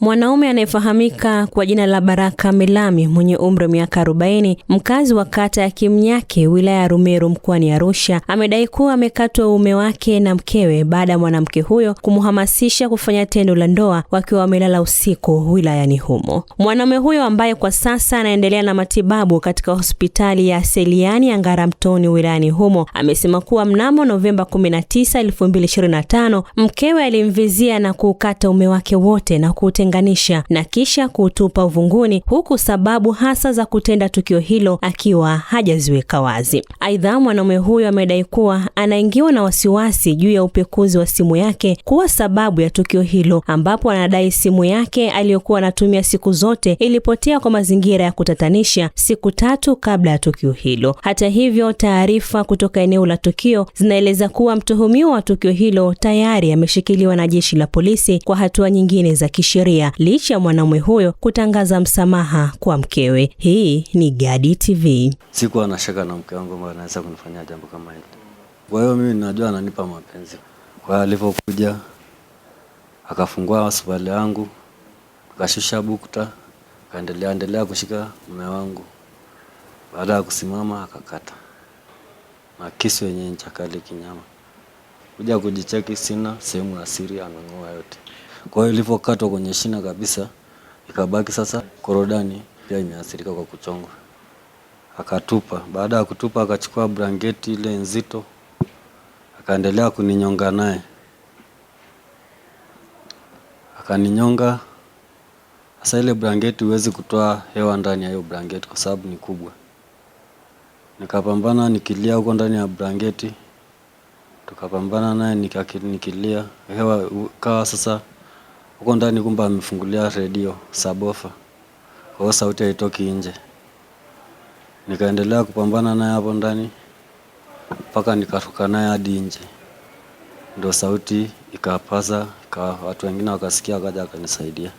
Mwanaume anayefahamika kwa jina la Baraka Melami mwenye umri wa miaka 40, mkazi wa kata ya Kimnyake, wilaya ya Rumeru mkoani Arusha, amedai kuwa amekatwa uume wake na mkewe baada ya mwanamke huyo kumhamasisha kufanya tendo la ndoa wakiwa wamelala usiku wilayani humo. Mwanaume huyo ambaye kwa sasa anaendelea na matibabu katika hospitali ya Seliani ya ngaramtoni wilayani humo, amesema kuwa mnamo Novemba 19, 2025 mkewe alimvizia na kuukata uume wake wote na kuutenga kutenganisha na kisha kuutupa uvunguni, huku sababu hasa za kutenda tukio hilo akiwa hajaziweka wazi. Aidha, mwanaume huyo amedai kuwa anaingiwa na wasiwasi juu ya upekuzi wa simu yake kuwa sababu ya tukio hilo, ambapo anadai simu yake aliyokuwa anatumia siku zote ilipotea kwa mazingira ya kutatanisha siku tatu kabla ya tukio hilo. Hata hivyo, taarifa kutoka eneo la tukio zinaeleza kuwa mtuhumiwa wa tukio hilo tayari ameshikiliwa na jeshi la polisi kwa hatua nyingine za kisheria familia licha ya mwanaume huyo kutangaza msamaha kwa mkewe. Hii ni Gadi TV. Sikuwa na shaka na mke wangu kwamba anaweza kunifanyia jambo kama hili, kwa hiyo mimi ninajua ananipa mapenzi. Kwa hiyo alivyokuja akafungua hospitali yangu akashusha bukta akaendelea endelea kushika mume wangu, baada ya kusimama akakata na kisu yenye ncha kali kinyama. Kuja kujicheki sina sehemu ya siri, ameng'oa yote. Kwa hiyo ilivyokatwa kwenye shina kabisa, ikabaki sasa korodani pia imeathirika kwa kuchongwa, akatupa. Baada ya kutupa, akachukua blanketi ile nzito, akaendelea kuninyonga naye, akaninyonga sasa. Ile blanketi huwezi kutoa hewa ndani ya hiyo blanketi kwa sababu ni kubwa. Nikapambana nikilia huko ndani ya blanketi, tukapambana naye nikilia hewa kawa sasa huko ndani, kumba amefungulia redio sabofa, kwa hiyo sauti haitoki nje. Nikaendelea kupambana naye hapo ndani mpaka nikatoka naye hadi nje, ndio sauti ikapaza ka, watu wengine wakasikia, wakaja wakanisaidia,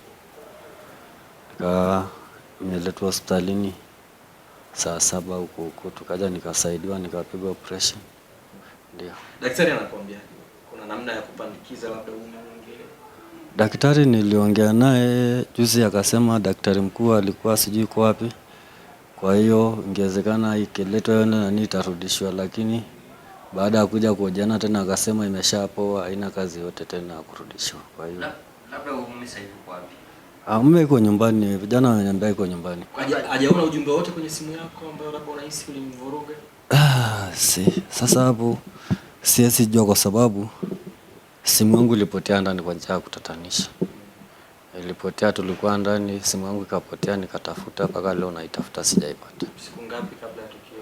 nimeletwa hospitalini saa saba huko huko, tukaja nikasaidiwa, nikapigwa operation. Ndio daktari anakuambia kuna namna ya kupandikiza labda ume Daktari niliongea naye juzi akasema daktari mkuu alikuwa sijui kwa wapi. Kwa hiyo ingewezekana ikiletwa hiyo nani itarudishwa, lakini baada ya kuja kuojana tena akasema imeshapoa, haina kazi yote tena ya kurudishwa. Kwa hiyo labda mume sasa hivi yuko wapi? Ah, mume yuko nyumbani, vijana wananiambia yuko nyumbani. Hajaona ujumbe wote kwenye simu yako ambao labda unahisi ulimvuruga? Ah, si. Sasa hapo siwezi jua kwa sababu Simu yangu ilipotea ndani kwa njia ya kutatanisha. Ilipotea, tulikuwa ndani, simu yangu ikapotea, nikatafuta mpaka leo naitafuta sijaipata. Siku ngapi kabla ya tukio?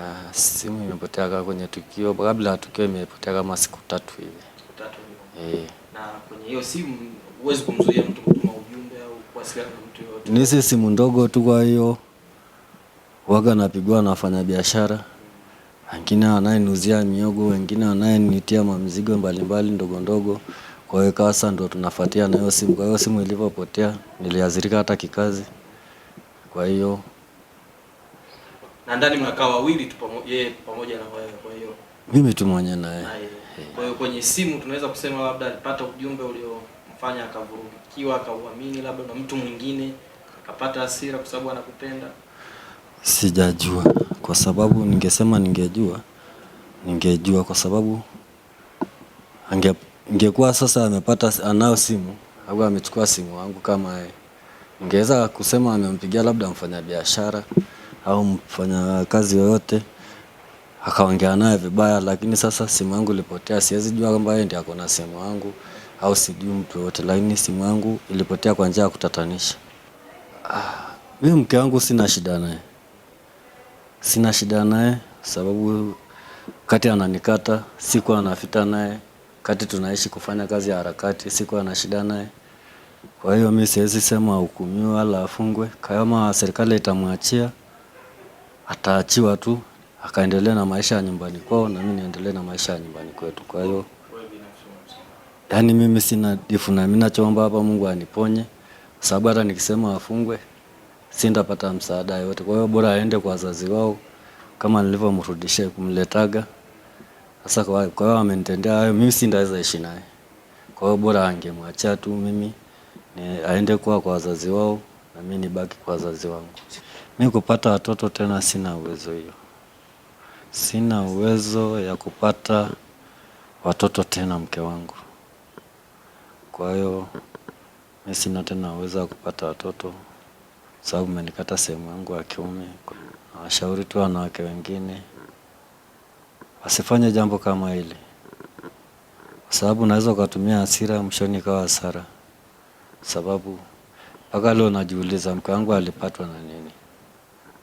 Ya, simu imepotea kama kwenye tukio, kabla ya tukio imepotea kama siku tatu hivi. Siku tatu hivi. Eh. Na kwenye hiyo simu huwezi kumzuia mtu kutuma ujumbe au kuwasiliana na mtu yoyote. Ni simu ndogo tu, kwa hiyo waga napigwa na wafanyabiashara wengine wanayeniuzia miogo wengine wanayenitia mamzigo mbalimbali ndogo ndogo. Kwa hiyo ikawa sasa ndo tunafuatia na hiyo simu. Kwa hiyo simu ilivyopotea niliathirika hata kikazi. Kwa hiyo na ndani mnakaa wawili tu yeye pamoja na wewe, kwa hiyo mimi tu mwenye na yeye. Kwa hiyo kwenye simu tunaweza kusema labda alipata ujumbe uliomfanya akavurugikiwa, akauamini labda na mtu mwingine, akapata hasira kwa sababu anakupenda. Sijajua kwa sababu ningesema ningejua, ningejua kwa sababu ange, ingekuwa sasa amepata anao simu au amechukua simu wangu kama yeye, ningeweza kusema amempigia labda biashara au mfanya kazi yoyote akaongea naye vibaya, lakini sasa simu yangu ilipotea. Siwezi jua kwamba yeye ndiye akona simu yangu au sijui mtu yoyote, lakini simu yangu ilipotea kwa njia ya kutatanisha. Ah, mimi mke wangu sina shida naye. Sina shida naye sababu kati ananikata, siku anafita naye, kati tunaishi kufanya kazi ya harakati, siku ana shida naye. Kwa hiyo mi siwezi sema ahukumiwe wala afungwe. Kama serikali itamwachia ataachiwa tu akaendelea na maisha ya nyumbani kwao, na mimi niendelee na maisha ya nyumbani kwetu. Kwa hiyo yaani, mimi sina difu, na mimi nachoomba hapa Mungu aniponye, sababu hata nikisema afungwe sindapata msaada yote. Kwa hiyo bora aende kwa wazazi wao kama nilivyomrudishia kumletaga. Sasa kwa hiyo amenitendea hayo, mimi sindaweza ishi naye. Kwa hiyo bora angemwachia tu mimi ni aende kwa kwa wazazi wao na mimi nibaki kwa wazazi wangu. Mimi kupata watoto tena sina uwezo hiyo, sina uwezo ya kupata watoto tena, mke wangu. Kwa hiyo mimi sina tena uwezo wa kupata watoto sababu umenikata sehemu yangu ya kiume. Nawashauri tu wanawake wengine wasifanye jambo kama hili, kwa sababu unaweza ukatumia hasira, mshoni ikawa hasara. Sababu mpaka leo najiuliza mke wangu alipatwa na nini,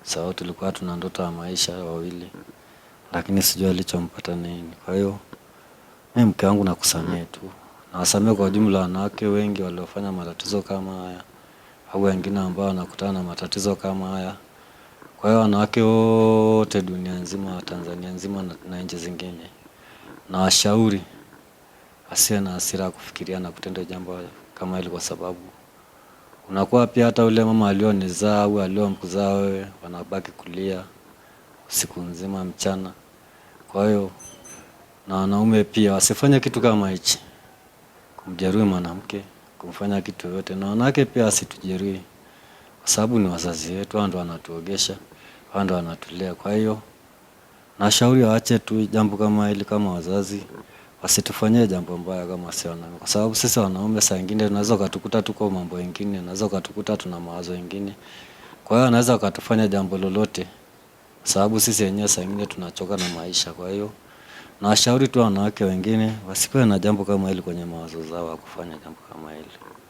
sababu tulikuwa tuna ndoto ya maisha wawili, lakini sijui alichompata nini. Kwa hiyo mimi mke wangu nakusamee tu, nawasamee kwa jumla wanawake wengi waliofanya matatizo kama haya au wengine ambao wanakutana na matatizo kama haya. Kwa hiyo wanawake wote dunia nzima, Tanzania nzima na nchi zingine, na washauri asiye na hasira ya kufikiria na kutenda jambo kama hili, kwa sababu unakuwa pia hata ule mama alionizaa au aliomkuzaa wewe, wanabaki kulia siku nzima mchana. Kwa hiyo na wanaume pia wasifanye kitu kama hichi, kumjeruhi mwanamke kumfanya kitu yoyote, na wanawake pia asitujeruhi, kwa sababu ni wazazi wetu, wao ndo wanatuogesha, wao ndo wanatulea. Kwa hiyo nashauri waache tu jambo kama hili, kama wazazi wasitufanyie jambo mbaya kama sisi wanaume, kwa sababu sisi wanaume saa ingine tunaweza ukatukuta tuko mambo mengine, unaweza ukatukuta tuna mawazo mengine, kwa hiyo anaweza ukatufanya jambo lolote, kwa sababu sisi wenyewe saa ingine tunachoka na maisha, kwa hiyo na washauri tu wanawake wengine wasikuwe na jambo kama hili kwenye mawazo zao, wa kufanya jambo kama hili.